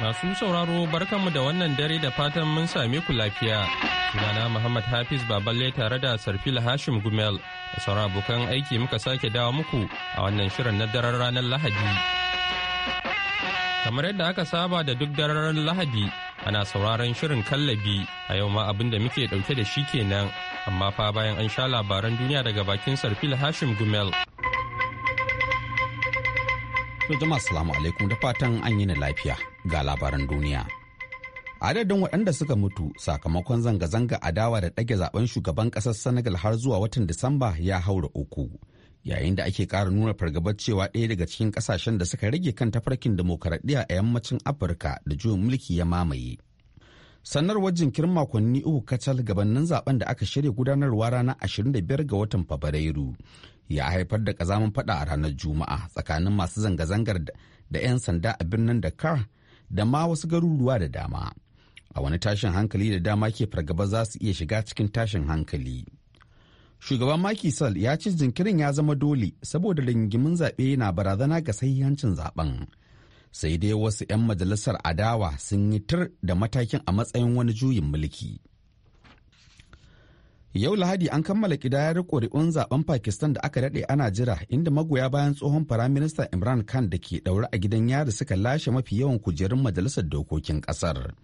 Masu sauraro barkanmu da wannan dare da fatan mun same ku lafiya. Sunana Muhammad Hafiz Baballe tare da Sarfil Hashim Gumel da sauran abokan aiki muka sake dawo muku a wannan shirin na daren ranar Lahadi. Kamar yadda aka saba da duk daren Lahadi ana sauraron shirin kallabi a yau ma abinda muke dauke da shi kenan amma fa bayan an sha labaran duniya daga bakin Sarfil Hashim Gumel. To salamu alaikum da fatan an yi ni lafiya. ga labaran duniya. Adadin waɗanda suka mutu sakamakon zanga-zanga adawa da ɗage zaben shugaban ƙasar Senegal har zuwa watan Disamba ya haura uku. Yayin da ake ƙara nuna fargabar cewa ɗaya daga cikin ƙasashen da suka rage kan tafarkin demokaradiyya a yammacin Afirka da juyin mulki ya mamaye. Sanarwar jinkirin makonni uku kacal gabanin zaben da aka shirya gudanarwa ranar 25 ga watan Fabrairu ya haifar da ƙazamin faɗa a ranar Juma'a tsakanin masu zanga-zangar da 'yan sanda a birnin Dakar da ma wasu garuruwa da dama a wani tashin hankali da dama ke fargaba za su iya shiga cikin tashin hankali shugaban Macky Sall ya ce jinkirin ya zama dole saboda rigimin zaɓe na barazana ga sahihancin zaben sai dai wasu 'yan majalisar adawa sun yi tur da matakin a matsayin wani juyin mulki Yau Lahadi an kammala kidayar ƙuri'un zaben Pakistan da aka daɗe ana jira inda magoya bayan tsohon firaminista Imran Khan da ke ɗaure a gidan yari suka lashe mafi yawan kujerun majalisar dokokin ƙasar.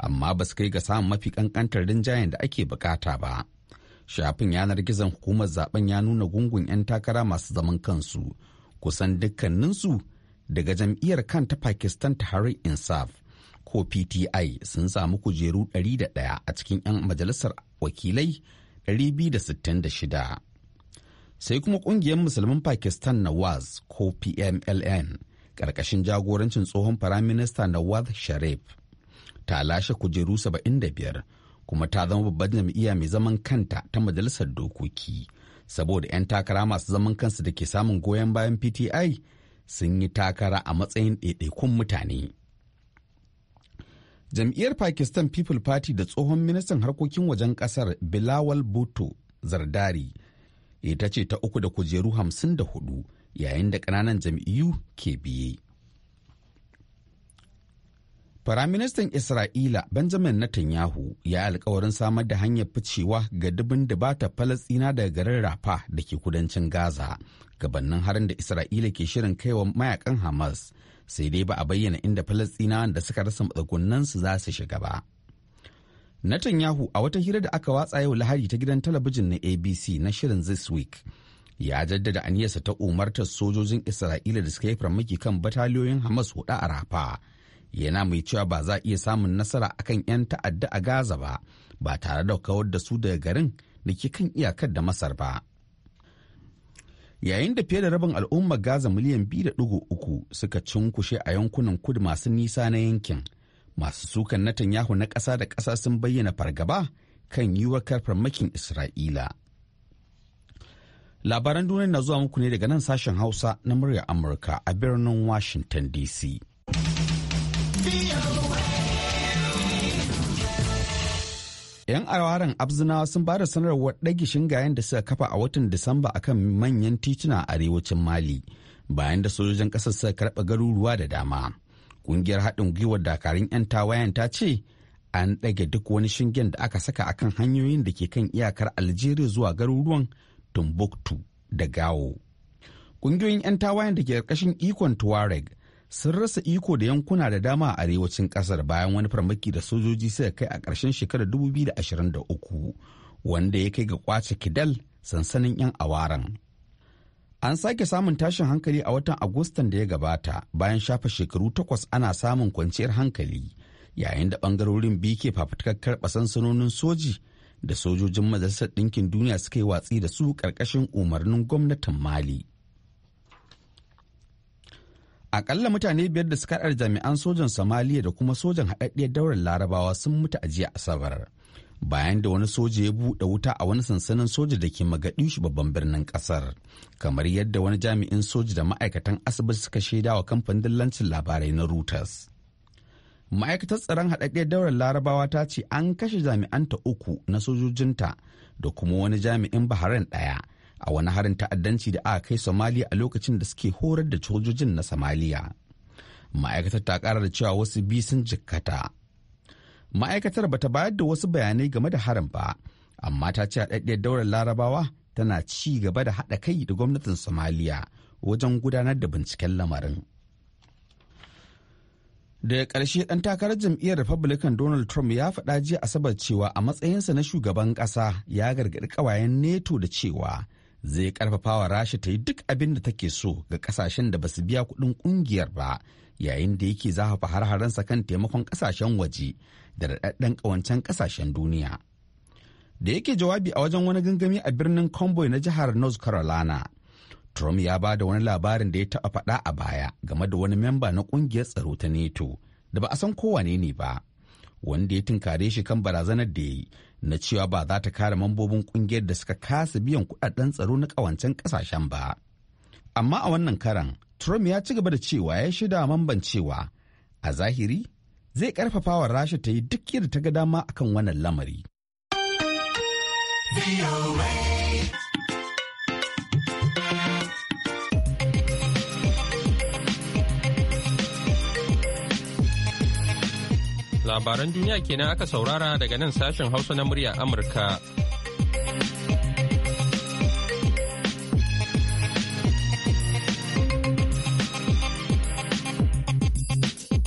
Amma ba su kai ga samun mafi ƙanƙantar rinjayen da ake bukata ba. Shafin yanar gizon hukumar zaben ya nuna gungun 'yan takara masu zaman kansu kusan dukkaninsu daga jam'iyyar kan ta Pakistan Tahrir Insaf ko PTI sun samu kujeru 101 a cikin 'yan majalisar wakilai shida sai kuma kungiyar musulmin pakistan nawaz ko pmln ƙarƙashin jagorancin tsohon firaminista nawaz sharif ta lashe kujeru 75 kuma ta zama babban jam'iyya mai zaman kanta ta majalisar dokoki saboda 'yan takara masu zaman kansu da ke samun goyon bayan pti sun yi takara a matsayin ɗaiɗaikun mutane jam'iyyar pakistan people party da tsohon ministan harkokin wajen kasar bilawal bhutto zardari ita ce ta uku da kujeru hamsin da 54 yayin da kananan jam'iyyu ke biye Firaministan Isra'ila Benjamin Netanyahu ya alkawarin samar da hanyar ficewa ga dubin da bata Falasɗina daga garin Rafa da ke kudancin Gaza, gabannin harin da Isra'ila ke shirin kaiwa mayakan Hamas sai dai ba a bayyana inda falastinawan da suka rasa su za su shiga ba Netanyahu a wata hira da aka watsa yau lahari ta gidan talabijin na ABC na shirin This Week ya jaddada aniyarsa ta umartar sojojin Isra'ila da suka yi farmaki kan bataliyoyin Hamas hudu a Rafa. Yana mai cewa ba za a iya samun nasara akan 'yan ta'adda a Gaza ba, ba tare da kawar da su daga garin da ke kan iyakar da Masar ba. yayin da fiye da rabin al'umma gaza miliyan uku suka cunkushe a yankunan kudu masu nisa na yankin masu sukan tanyahu na ƙasa da ƙasa sun bayyana fargaba kan yiwuwar makin isra'ila labaran duniya na zuwa muku ne daga nan sashen hausa na murya amurka a birnin washington dc 'Yan awaran Abzinawa sun ba da sanarwar ɗage shingayen da suka kafa a watan Disamba akan manyan tituna a arewacin Mali, bayan da sojojin ƙasar suka karɓa garuruwa da dama. Ƙungiyar haɗin gwiwar dakarun 'yan tawayen ta ce an ɗage duk wani shingen da aka saka akan hanyoyin da ke kan iyakar Algeria zuwa garuruwan Tumbuktu da Gawo. Ƙungiyoyin 'yan tawayen da ke ƙarƙashin ikon Tuareg sun rasa iko da yankuna da dama a arewacin kasar bayan wani farmaki da sojoji suka kai a ƙarshen shekarar 2023 wanda ya kai ga kwace kidal sansanin 'yan awaran. An sake samun tashin hankali a watan Agustan da ya gabata bayan shafa shekaru takwas ana samun kwanciyar hankali yayin da bangarorin biyu ke fafutukar karɓa sansanonin soji da sojojin majalisar ɗinkin duniya suka yi watsi da su ƙarƙashin umarnin gwamnatin Mali. Akalla mutane biyar da suka haɗar jami'an sojan Somaliya da kuma sojan haɗaɗɗiyar daular larabawa sun mutu a jiya Asabar. Bayan da wani soja ya buɗe wuta a wani sansanin soja da ke Magadishu babban birnin ƙasar. Kamar yadda wani jami'in soja da ma'aikatan asibiti suka shaida wa kamfanin dillancin labarai na Reuters. Ma'aikatar tsaron haɗaɗɗiyar daular larabawa ta ce an kashe jami'anta uku na sojojinta da kuma wani jami'in Bahrain ɗaya. a wani harin ta'addanci da aka kai somaliya a lokacin da suke horar da cojojin na somaliya ma'aikatar ta kara da cewa wasu bi sun jikkata ma'aikatar bata bayar da wasu bayanai game da harin ba amma ta ce haɗaɗɗiyar daular larabawa tana ci gaba da haɗa kai da gwamnatin somaliya wajen gudanar da binciken lamarin daga ƙarshe ɗan takarar jam'iyyar republican donald trump ya faɗa jiya asabar cewa a matsayinsa na shugaban ƙasa ya gargaɗi ƙawayen neto da cewa zai karfafa wa rasha ta yi duk abin da take so ga kasashen da basu biya kudin kungiyar ba yayin da yake zahafa har-haransa kan taimakon kasashen waje da daɗaɗɗen ƙawancen kasashen duniya da yake jawabi a wajen wani gangami a birnin convoy na jihar north carolina trump ya ba da wani labarin da ya taɓa faɗa a baya game da wani memba na ƙungiyar tsaro ta neto da ba a san kowane ne ba wanda ya tunkare shi kan barazanar da ya yi na cewa ba za ta kare mambobin kungiyar da suka kasa biyan kudaden tsaro na kawancen kasashen ba. Amma a wannan karan, Trump ya ci gaba da cewa ya shida mamban cewa a zahiri zai karfafa wa Rasha ta yi duk yadda ta ga dama akan wannan lamari. Labaran duniya kenan aka saurara daga nan sashen Hausa na murya Amurka.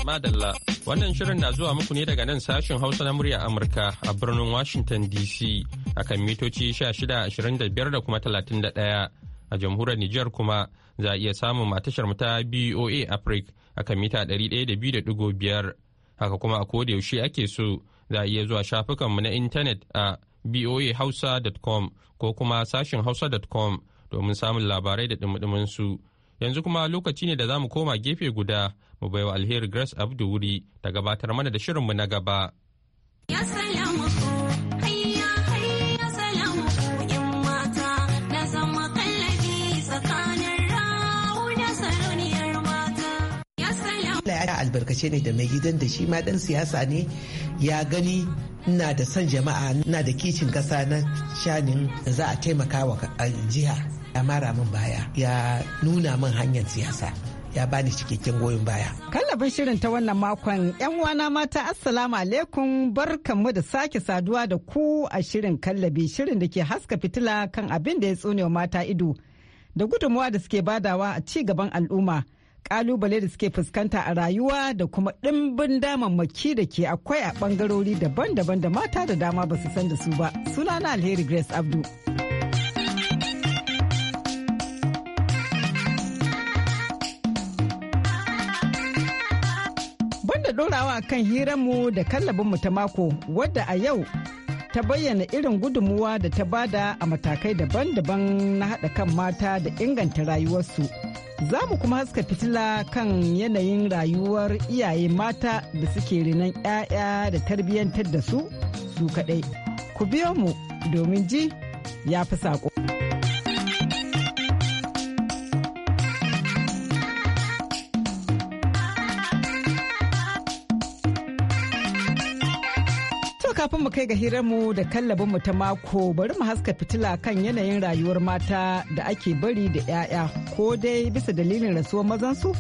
Madalla, wannan shirin na zuwa muku ne daga nan sashen Hausa na murya Amurka a birnin Washington DC akan mitoci 1625 da kuma 31 a jamhuriyar Nijar kuma za a iya samun matashar ta BOA Africa akan mita ɗari da 102.5 haka kuma a koda yaushe ake so za a iya zuwa shafukanmu na intanet a boahausa.com ko kuma sashin hausa.com domin samun labarai da dumudumin su yanzu kuma lokaci ne da za mu koma gefe guda mu bai wa alheri grace abdu wuri ta gabatar mana da shirinmu na gaba. albarkace ne da mai gidan da shi ma dan siyasa ne ya gani ina da son jama'a na da kicin kasa na shanin za a taimaka wa jiha ya mara min baya ya nuna min hanyar siyasa ya bani cikakken goyon baya. Kallabin shirin ta wannan makon ‘yan wana mata assalamu alaikum barkanmu da sake saduwa da ku a shirin kallabi shirin da ke haska fitila kan abin da ya tsonewa mata ido da gudunmuwa da suke badawa a ci gaban al'umma. kalubale da suke fuskanta a rayuwa da kuma ɗimbin damammaki da ke akwai a ɓangarori daban-daban da mata da dama ba su san da su ba. suna na Alheri Grace Abdu. Banda ɗorawa kan hiranmu da kallabinmu ta mako wadda a yau ta bayyana irin gudunmuwa da ta bada a matakai daban-daban na haɗa kan mata da inganta rayuwarsu. Za mu kuma haska fitila kan yanayin rayuwar iyaye mata da suke renon 'ya'ya da tarbiyyantar da su su kaɗai. Ku biyo mu domin ji ya fi saƙo. kafin mu kai ga mu da kallabin mu ta mako bari mu haska fitila kan yanayin rayuwar mata da ake bari da 'ya'ya ko dai bisa dalilin rasuwar mazansu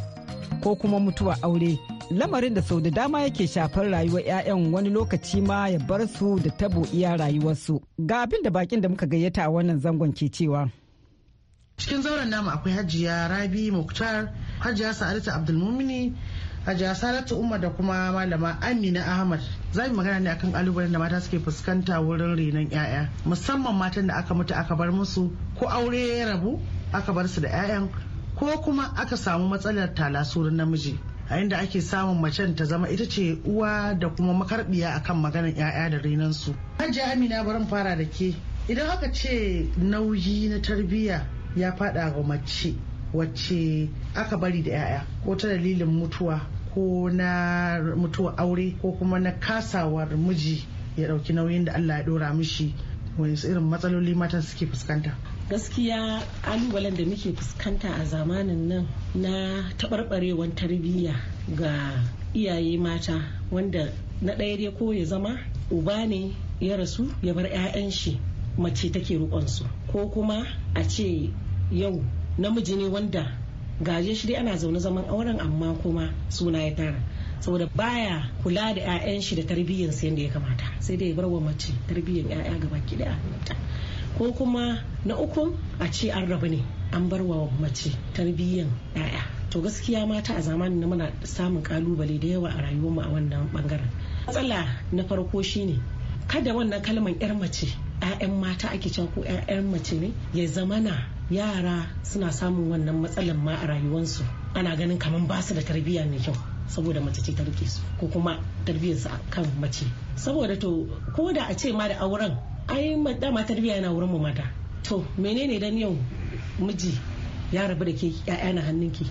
ko kuma mutuwa aure lamarin da sau da dama yake shafar rayuwar 'ya'yan wani lokaci ma ya bar su da tabo iya rayuwarsu ga abin da bakin da muka gayyata a wannan zangon ke cewa cikin zauren namu akwai hajiya rabi muktar hajiya sa'adatu abdulmumini Hajiya Salatu Umar da kuma Malama Amina Ahmad za mu magana ne akan kalubalen da mata suke fuskanta wurin renon 'ya'ya musamman matan da aka mutu aka bar musu ko aure ya rabu aka bar su da 'ya'yan ko kuma aka samu matsalar talasurin namiji a inda ake samun macen ta zama ita ce uwa da kuma makarbiya akan maganar 'ya'ya da renon su. Hajiya Amina bari fara da ke idan aka ce nauyi na tarbiyya ya fada ga mace wacce aka bari da 'ya'ya ko ta dalilin mutuwa ko na mutuwar aure ko kuma na kasawar miji ya ɗauki nauyin da Allah ya dora mishi wani irin matsaloli mata suke fuskanta gaskiya kalubalen da muke fuskanta a zamanin nan na taɓarɓarewan tarbiyya ga iyaye mata wanda na ɗaya dai ko ya zama uba ne ya rasu ya bar 'ya'yan shi mace take su ko kuma a ce yau namiji ne wanda gaje shi dai ana zaune zaman auren amma kuma suna ya tara saboda baya kula da 'ya'yan shi da tarbiyyar sa yadda ya kamata sai dai ya bar wa mace tarbiyyar 'ya'ya gaba ki ko kuma na uku a ce an rabu ne an bar wa mace tarbiyyar 'ya'ya to gaskiya mata a zamanin na muna samun kalubale da yawa a rayuwarmu a wannan bangaren matsala na farko shine kada wannan kalmar 'yar mace 'ya'yan mata ake cewa ko 'ya'yan mace ne ya zamana yara suna samun wannan matsalar ma a rayuwarsu ana ganin kamar ba su da tarbiyya mai kyau saboda mace ce ta rike su ko kuma tarbiyyarsu a kan mace saboda to ko da a ce ma da auren ai dama tarbiyya yana wurin mu mata to menene dan yau miji ya rabu da ke 'ya'ya na hannunki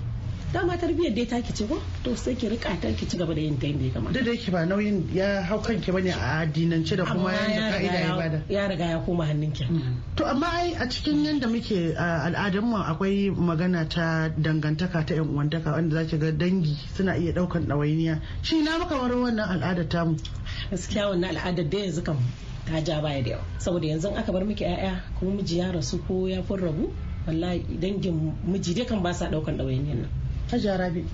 dama tarbiyyar dai taki ci ko to sai ki rika ta ki ci gaba da yin ta yadda ya kamata duk da yake ba nauyin ya hau kanki bane a addinance da kuma yanda ka'ida ya bada ya riga ya koma hannunki mm. to amma ai a cikin yanda muke al'adun mu akwai magana ta dangantaka ta yan uwantaka wanda zaki ga dangi suna iya daukan dawainiya shi na maka wani wannan al'adar tamu gaskiya wannan al'adar da yanzu kam ta ja baya da yawa saboda yanzu aka bar miki 'ya'ya kuma miji ya rasu ko ya furrabu. rabu wallahi dangin miji dai kan ba sa daukan dawainiyan nan Hajiya Rabi.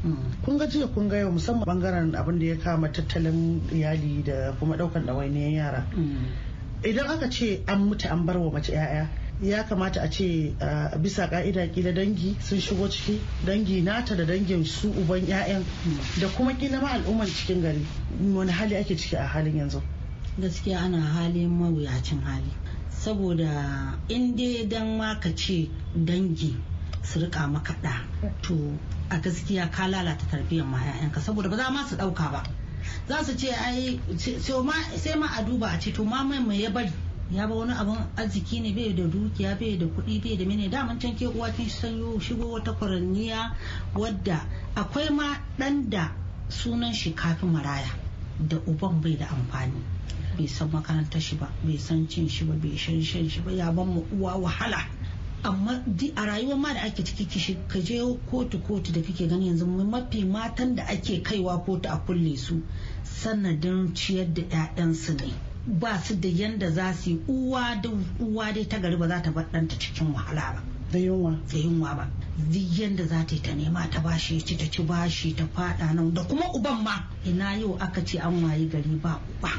Kun ga jiya kun ga yau musamman bangaren abin da ya kama tattalin iyali da kuma daukan ɗawainiyar yara. Idan aka ce an mutu an bar wa mace 'ya'ya ya kamata a ce bisa ka'ida kila dangi sun shigo ciki dangi nata da dangin su uban 'ya'yan da kuma kila ma al'ummar cikin gari wani hali ake ciki a halin yanzu. Gaskiya ana halin mawuyacin hali. Saboda in dai dan ma ce dangi su rika maka to a gaskiya ka lalata tarbiyyar ma 'ya'yanka saboda ba za ma su ɗauka ba za su ce ai sai ma a duba a ce to ma mai ya bari ya ba wani abun arziki ne bai da dukiya bai da kuɗi bai da mene daman can ke uwa kin sanyo shigo wata kwaranniya wadda akwai ma dan da sunan shi kafin maraya da uban bai da amfani bai san makarantar shi ba bai san cin shi ba bai shan shan shi ba ya ban mu uwa wahala amma a rayuwar ma da ake ciki kishi ka je kotu kotu da kake gani yanzu mafi matan da ake kaiwa kotu a kulle su sanadin ciyar da 'ya'yansu ne ba su da yanda za su yi uwa dai ta gari ba za ta bar ɗanta cikin wahala ba da yunwa da yunwa ba duk yanda za ta yi ta nema ta bashi ci ta ci bashi ta faɗa nan da kuma uban ma ina yau aka ce an wayi gari ba uba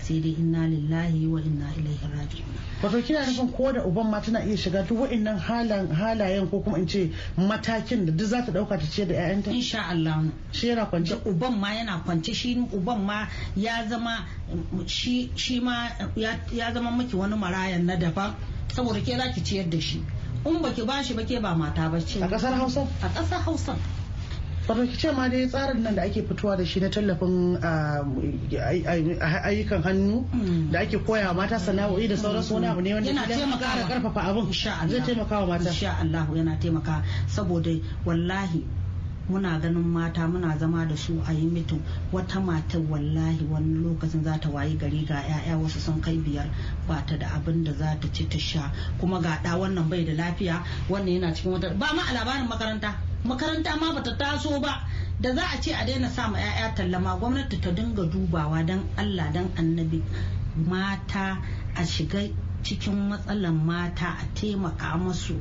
sai dai inna lillahi wa inna ilaihi raji'un wato kina nufin ko da uban ma tana iya shiga duk wa'annan halan halayen ko kuma in ce matakin da duk za ta dauka ta ce da ƴaƴanta insha Allah shi yana kwance uban ma yana kwance shi uban ma ya zama shi shi ma ya zama miki wani marayan na daban saboda ke za ki ciyar da shi in baki bashi ba ke ba mata ba ce a kasar Hausa a kasar Hausa wato ce ma dai tsarin nan da ake fitowa da shi na tallafin ah, ayyukan hannu hmm. da ake koya mata sana'o'i da sauransu wani abu ne wanda yana taimakawa karfafa abin zai taimakawa mata insha Allah yana taimaka saboda wallahi muna ganin mata muna zama da su a yi mitin wata mata wallahi wani lokacin za ta wayi gari ga 'ya'ya wasu sun kai biyar ba ta da abin da za ta ci ta sha kuma ga wannan bai da lafiya wannan yana cikin wata ba ma a labarin makaranta makaranta ma bata taso ba da za a ce a daina sa ma 'ya'ya tallama gwamnati ta dinga dubawa dan allah don annabi mata a shiga cikin matsalan mata a taimaka musu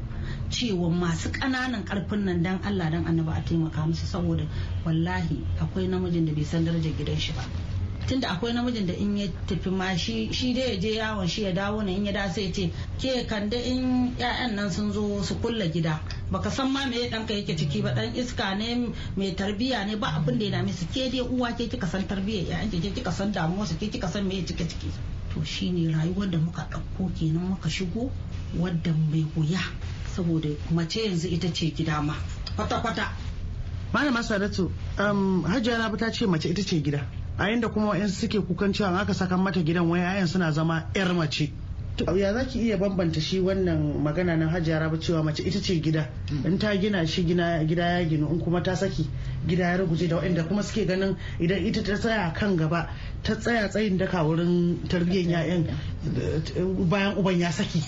cewa masu ƙananan karfin nan dan allah don annabi a taimaka musu saboda wallahi akwai namijin da bai san darajar gidan shi ba tunda akwai namijin da in ya tafi ma shi dai ya je yawon shi ya dawo ne in ya dace ce ke Kande in yayan nan sun zo su kulla gida baka san ma me ɗanka yake ciki ba dan iska ne mai tarbiya ne ba abin da ya dame su ke dai uwa ke kika san tarbiyyar ƴaƴan ke kika san damuwa su ke kika san me ya cike ciki to shine rayuwar da muka ɗauko kenan muka shigo wadda mai wuya saboda mace yanzu ita ce gida ma kwata-kwata malama saratu um, hajjiya na ta ce mace ita ce gida a inda kuma wa'yansu suke kukan cewa aka saka mata gidan wai ayan suna zama 'yar mace ya za ki iya bambanta shi wannan magana na hajiya Raba cewa mace ita ce gida in ta gina shi gida ya ginu in kuma ta saki gida ya ruguje da waɗanda kuma suke ganin idan ita ta tsaya kan gaba ta tsaya tsayin daka wurin tarbiyyar ya'yan bayan uban ya saki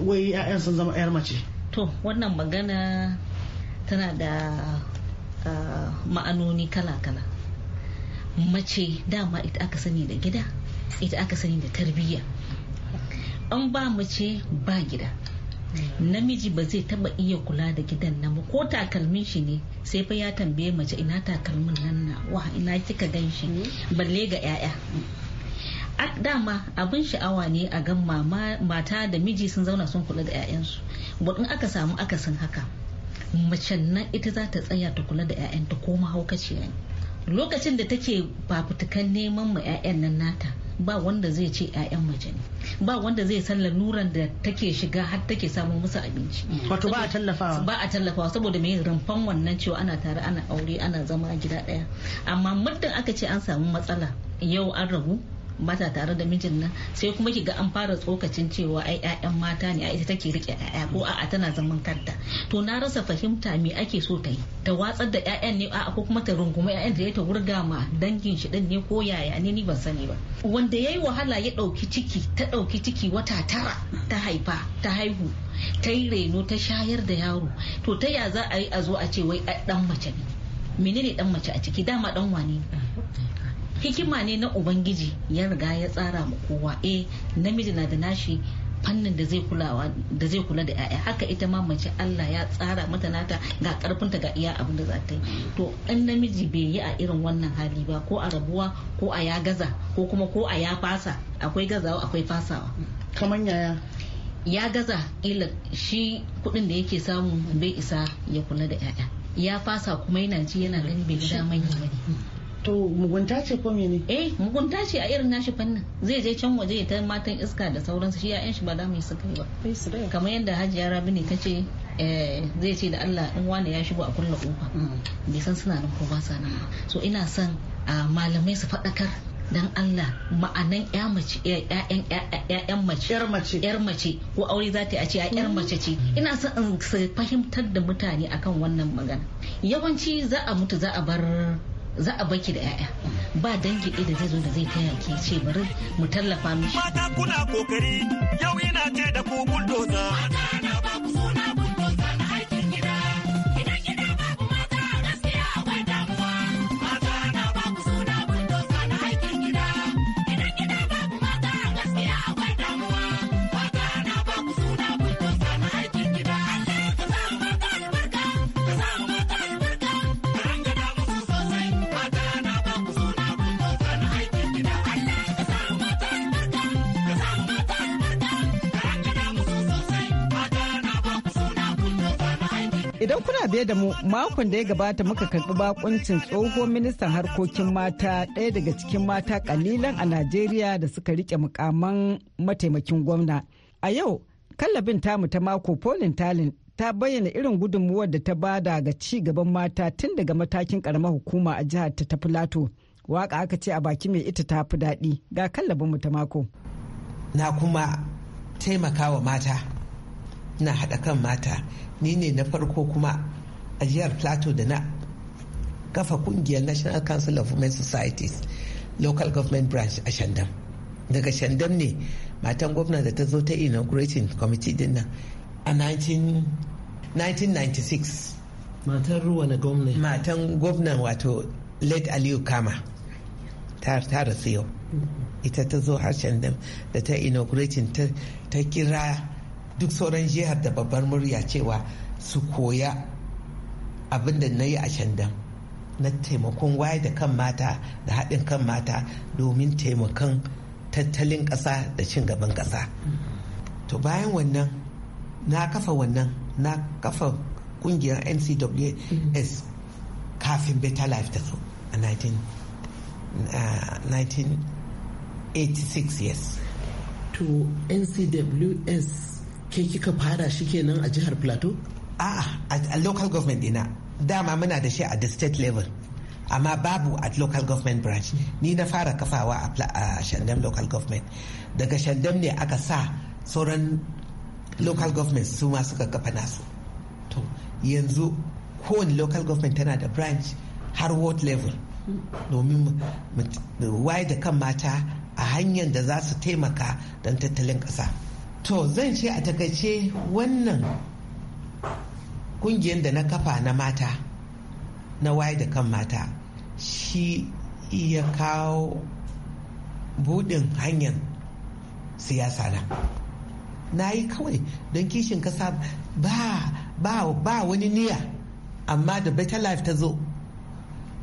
wai ya'yan sun zama yar mace to wannan magana tana da ah, ma'anoni kala-kala mace dama ita aka sani da gida ita aka sani da tarbiyya an ba mace ba gida namiji ba zai taba iya kula da gidan nan ba ko takalmin shi ne sai fa ya tambaye mace ina takalmin nan na wa ina kika gan shi hmm. balle ga 'ya'ya dama abin sha'awa ne a gan mata da miji sun zauna sun kula da 'ya'yansu in aka samu akasin haka macen nan ita za ta tsaya ta kula da 'ya'yanta ko mahaukaciya ne lokacin da take fafutukan neman ma 'ya'yan nan nata ba wanda zai ce 'ya'yan mace ne ba wanda zai san laluran da take shiga har take samun musu abinci wato ba a tallafawa ba a tallafawa saboda mai rumfan wannan cewa ana tare ana aure ana zama gida daya amma muddin aka ce an samu matsala yau an rabu Mata tare da mijin nan sai kuma ki ga an fara tsokacin cewa ai ƴaƴan mata ne a ita take rike ƴaƴa ko a'a tana zaman kanta to na rasa fahimta me ake so ta yi ta watsar da ƴaƴan ne a'a ko kuma ta runguma ƴaƴan da ta wurga ma dangin shi din ne ko yaya ne ni ban sani ba wanda yayi wahala ya ɗauki ciki ta ɗauki ciki wata tara ta haifa ta haihu ta yi reno ta shayar da yaro to ta ya za a yi a zo a ce wai ɗan mace ne menene ɗan mace a ciki dama ɗan wane ne hikima ne na ubangiji ya riga ya tsara ma kowa eh namiji na da nashi fannin da zai kulawa da zai kula da 'ya'ya haka ita ma mace Allah ya tsara mata nata ga karfinta ga iya abin da za ta yi to in namiji bai yi a irin wannan hali ba ko a rabuwa ko a ya gaza ko kuma ko a ya fasa akwai gazawa akwai fasawa kamar yaya ya gaza ila shi kudin da yake samu bai isa ya kula da 'ya'ya ya fasa kuma yana ji yana ganin bai da daman bane to mugunta ce ko mene eh mugunta ce a irin nashi fannin zai je can waje ta matan iska da sauransu shi ya'yan shi ba za mu yi su kai ba kamar yadda hajiya rabi ne ta ce eh, zai ce da Allah in wani ya shigo a kulla kofa mm. bai san suna nan ko ba sa nan so ina son ah, malamai su faɗakar dan Allah ma'anan ya eh, mace ko aure za ta a ce yar mm. mace ce ina son in fahimtar da mutane akan wannan magana yawanci za a mutu za a bar za a baki da 'ya'ya ba dangi ɗaya da zai zo da zai taya ke ce bari mu tallafa mishi mata kuna kokari yau ina ce da ku bulldozer mata na ba ku suna Idan kuna biye da mu makon da ya gabata muka karbi bakuncin tsohon ministan harkokin mata ɗaya daga cikin mata kalilan a Najeriya da suka rike mukaman mataimakin gwamna. A yau, kallabin tamu ta mako polin talin ta bayyana irin gudunmuwar da ta bada ga ci gaban mata tun daga matakin karamar hukuma a jihar ta ta Filato. Waka aka ce a baki mai ita ta fi daɗi ga kallabin mu ta mako. Na kuma taimakawa mata, na haɗa kan mata, ni ne na farko kuma a jihar plateau da na kafa kungiyar national council of women societies local government branch a shandam daga shandam ne matan gwamna da ta zo ta inaugurating committee din nan a 1996 matan ruwa na gwamna matan gwamna wato late aliyu kama ta rasu yau mm-hmm. ita ta zo harshen da ta inaugurating ta kira duk sauran jihar da babbar murya cewa su koya abin da na yi a shandan na taimakon waye da kan mata da haɗin kan mata domin taimakon tattalin ƙasa da cin gaban ƙasa to bayan wannan na kafa wannan na kafa ƙungiyar ncws mm-hmm. kafin better life ta zo a 1986 yes to ncws ke kika fara shi kenan a jihar plateau a'a a local government dina dama muna da shi a the state level amma babu a local government branch ni na fara kafawa a shandam local government daga shandam ne aka sa sauran local government su ma suka kafa nasu to yanzu kowane local government tana da branch har ward level domin waye da kan mata a hanyar da za su taimaka don tattalin ƙasa. to zan ce a takaice wannan kungiyar da na kafa na mata na waye da kan mata shi ya kawo budin hanyar siyasa na na yi kawai don kishin kasa ba ba ba wani niyya amma da better life ta zo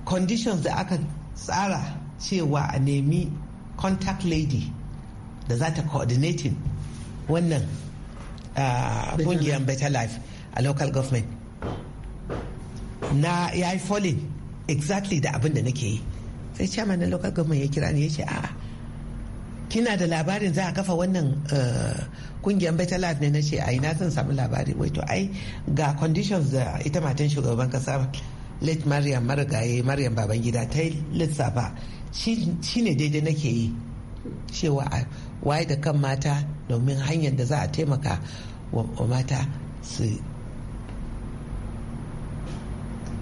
conditions da aka tsara cewa a nemi contact lady da za ta coordinating wannan kungiyar better life a local government na ya yi falling exactly da abin da nake yi sai chairman na local government ya kira ni ya ce a kina da labarin za a kafa wannan eh, kungiyar better life ne na ce a yi na zan samu labari wai to ai ga conditions da ita matan shugaban kasa late mariam marigaye mariam babangida ta yi lissafa shi ne daidai nake yi cewa waye da kan mata domin hanyar da za a taimaka wa mata su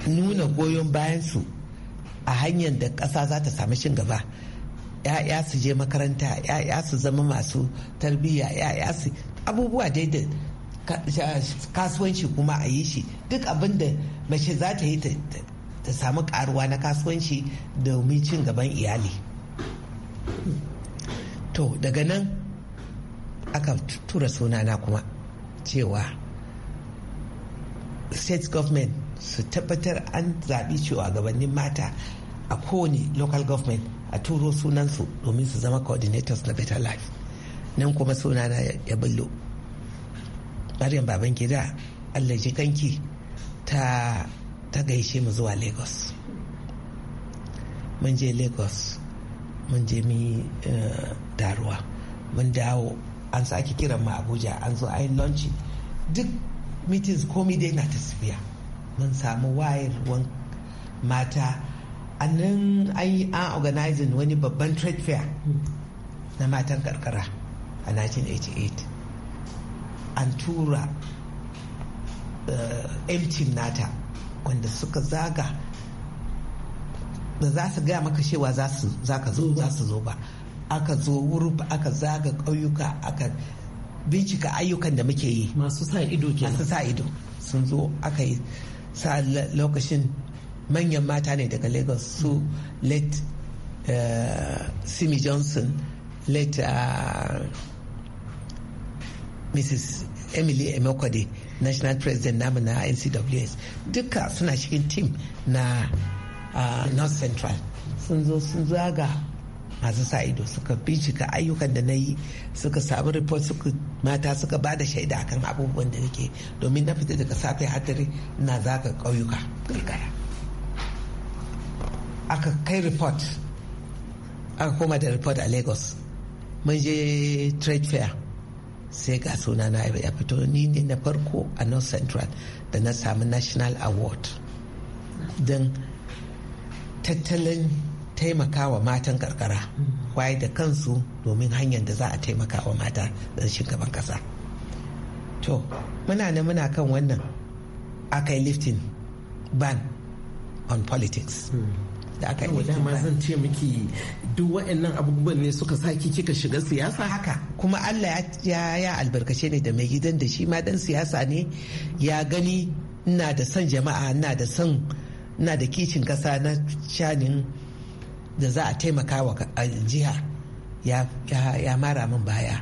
nuna goyon bayansu a hanyar da ƙasa za ta sami cin gaba ya'ya su je makaranta ya'ya su zama masu tarbiyya ya'ya su abubuwa daidai kasuwanci kuma a yi shi duk abin da mace za ta yi ta samu karuwa na kasuwanci domin cin gaban iyali to daga nan aka tura sunana kuma cewa state government su tabbatar an zaɓi cewa gabanin mata a kowane local government a turo sunansu domin su zama coordinators na better life nan kuma sunana ya bullo maryam baban gida allah ji kanki ta gaishe mu zuwa lagos mun je lagos mun je mu daruwa eh, mun dawo an sake kiran mu abuja an zo a yi lunch duk meetings komi dai na tasfiya mun samu wayarwan mata a nan an yi organizing wani babban trade fair na matan karkara a 1988 an tura uh, nata wanda suka zaga ba za su gaya maka cewa za ka zo za su zo ba aka zo wurin aka zaga ƙauyuka aka bincika ayyukan da muke yi masu sa ido ke masu sa ido sun zo aka yi sa lokacin manyan mata ne daga lagos su mm. late eh, simi johnson late eh, mrs emily emekwade national president namu na ncws duka suna cikin team na a north central sun zo sun zaga masu sa ido suka bincika ayyukan da na yi suka samu report suka mata suka ba da shaida akan abubuwan da nake domin na fita daga safe hatari na zaga ƙauyuka gargara aka kai report aka koma da report a lagos mun je trade fair sai ga suna na ya fito ni ne na farko a north central da na samu national award don tattalin taimakawa matan karkara waye da kansu domin hanyar da za a taimakawa mata da shugaban kasa to muna ne muna kan wannan aka yi liftin ban on politics da aka yi lifting ban zan ce miki duk waɗannan abubuwan ne suka saki kika shiga siyasa haka kuma Allah ya ya albarkace ne da mai gidan da shi ma dan siyasa ne ya gani ina da son jama'a ina da son na da kicin kasa na shanin da za a taimaka wa jiha ya mara min baya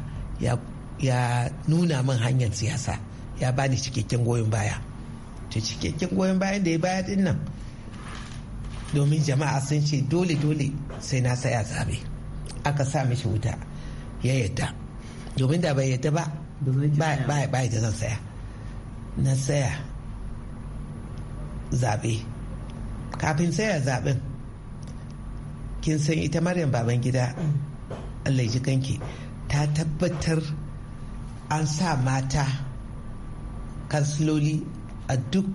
ya nuna min hanyar siyasa ya bani cikakken goyon baya to cikakken goyon bayan da ya baya din nan domin jama'a sun ce dole dole sai na saya zabe aka sa mishi wuta ya yadda domin da bai yadda ba ba da zan saya na saya zabe kafin sai a zaben kin san ita maryam baban gida mm. allah ji kanki ta tabbatar an sa mata kansiloli a duk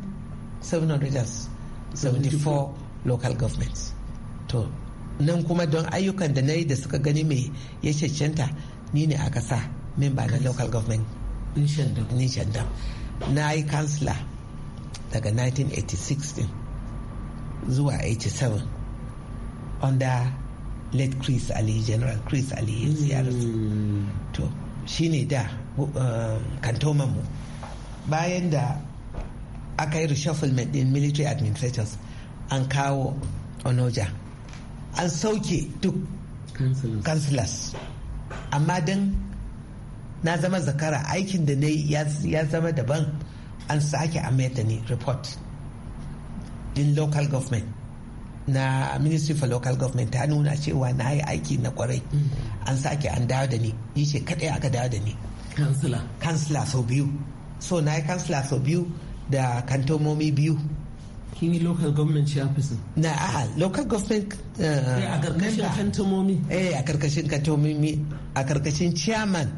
774 local governments to nan kuma don ayyukan da na yi da suka gani mai ya cancanta ni ne aka sa memba na local government nishandam na yi kansila daga 1986 din zuwa 87 under late chris ali general chris ali yanzu ya rasu hmm. to shi ne da uh, mu bayan da aka yi reshufflement din military administrators an kawo onoja an sauke duk councillors amma don na zama zakara aikin da na yi ya zama daban an sake a ni report din local government na ministry for local government ta nuna cewa na yi aiki na kwarai mm. an sake an dawo da ni yi ce kadai aka dawo da ni kansila sau biyu so na yi kansila sau biyu da kantomomi biyu kin yi local government chairperson na a local government eh, eh, a karkashin kantomomi eh a karkashin kantomomi a karkashin chairman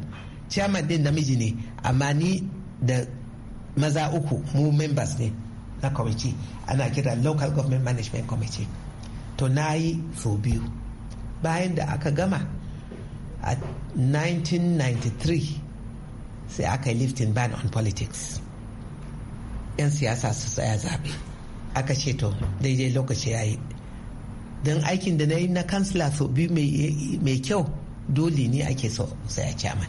chairman din namiji ne amma ni da maza uku mu members ne na kwamiti ana kira local government management committee to na yi so biyu bayan da aka gama a 1993 sai aka yi lifting ban on politics yan siyasa su tsaya zaɓe aka ce to daidai lokaci ya yi don aikin da na yi na kansila so biyu mai kyau dole ne ake so sai a chairman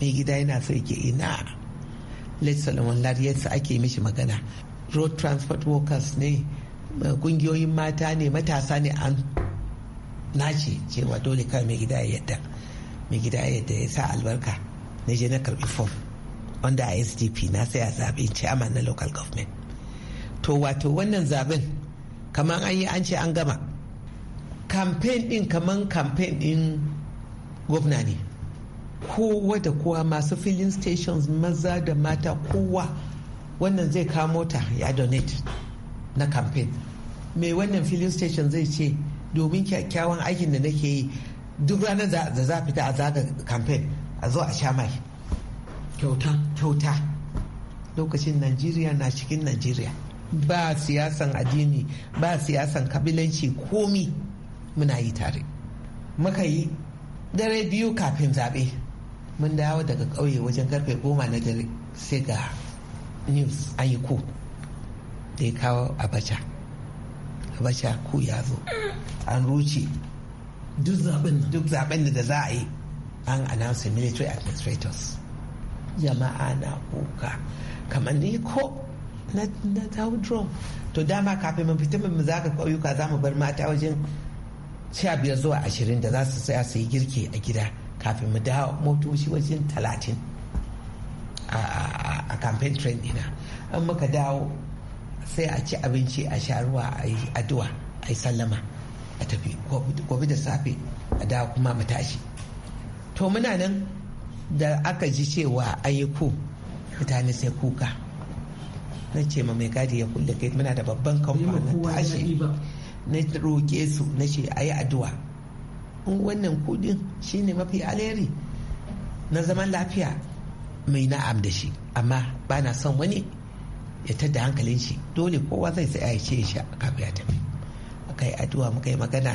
mai gida yana so yake ina late solomon lariyar ake mishi magana road transport workers ne eh, kungiyoyin mata ne matasa ne an nace cewa dole kawai mai gida ya yadda mai gida ya yadda ya sa albarka na je na karbi form wanda a sdp na sai a zaɓe na local government to wato wannan zaben kamar an yi an ce an gama kamfen din kamar kamfen din gwamna ne kowa da kowa masu filling stations maza da mata kowa wannan zai kawo mota ya donate na campaign mai wannan filin station zai ce domin kyakkyawan aikin da nake yi duk ranar da za fita a zaga campaign a zo a sha mai kyauta kyauta lokacin najeriya na cikin najeriya ba siyasan addini ba siyasan kabilanci komi muna yi tare muka yi dare biyu kafin zaɓe mun dawo daga ƙauye wajen karfe goma na dare sai ga news ku da ya kawo abacha abacha ku ya zo an ruce duk zaben da za a yi an announce military administrators jama'a na kuka kamar ni ko na tawo drone to dama kafin mu fita mu ka ƙauyuka za mu bar mata wajen sha biyar zuwa ashirin da za su saya su yi girki a gida kafin mu dawo motoci wajen talatin a campaign train dina an muka dawo sai a ci abinci a sha ruwa a yi addu'a a yi sallama a tafi gobe da safe a dawo kuma mu tashi to muna nan da aka ji cewa an ku mutane sai kuka na ce ma mai gadi ya kulle kai muna da babban kamfa na tashi na roƙe su na ce a yi addu'a wannan kudin shine mafi alheri na zaman lafiya mai na'am da shi amma ba na son wani ya tada hankalin shi dole kowa zai tsaya ya ce ya sha kafin ya tafi aka yi addu'a muka yi magana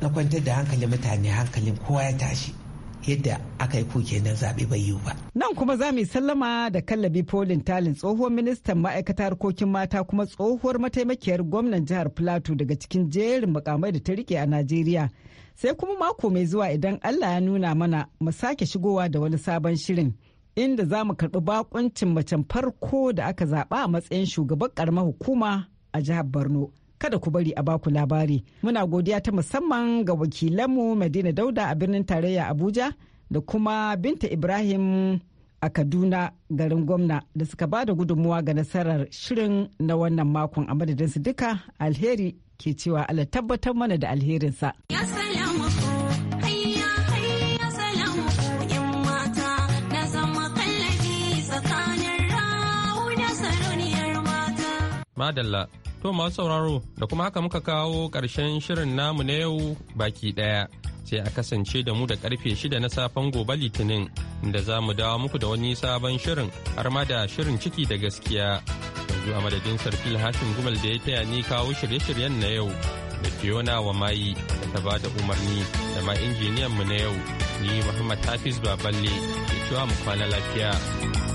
na kwantar da hankalin mutane hankalin kowa ya tashi yadda aka yi kuke na zaɓe bai yiwu ba. Nan kuma za mu sallama da kallabi polin talin tsohuwar ministan ma'aikatar harkokin mata kuma tsohuwar mataimakiyar gwamnan jihar Plateau daga cikin jerin makamai da ta rike a Najeriya. Sai kuma mako mai zuwa idan Allah ya nuna mana mu sake shigowa da wani sabon shirin. inda za mu karɓi bakuncin macen farko da aka zaɓa a matsayin shugaban ƙaramar hukuma a jihar Borno. Kada ku bari a baku labari. Muna godiya ta musamman ga wakilanmu Madina Dauda a birnin tarayya Abuja da kuma Binta Ibrahim a Kaduna garin gwamna da suka ba da gudunmuwa ga nasarar shirin na wannan makon a madadinsu duka alheri ke cewa Allah tabbatar mana da alherinsa. Yes, Madalla, to masu sauraro da kuma haka muka kawo ƙarshen shirin namu na yau baki ɗaya. Sai a kasance da mu da karfe shida na safen gobe litinin da za mu dawo muku da wani sabon shirin har ma da shirin ciki da gaskiya. Yanzu a madadin sarki hashin gumal da ya taya ni kawo shirye-shiryen na yau da Fiona wa mayi da ta da umarni da ma injiniyan mu na yau ni Muhammad Hafiz Baballe ke cewa mu kwana lafiya.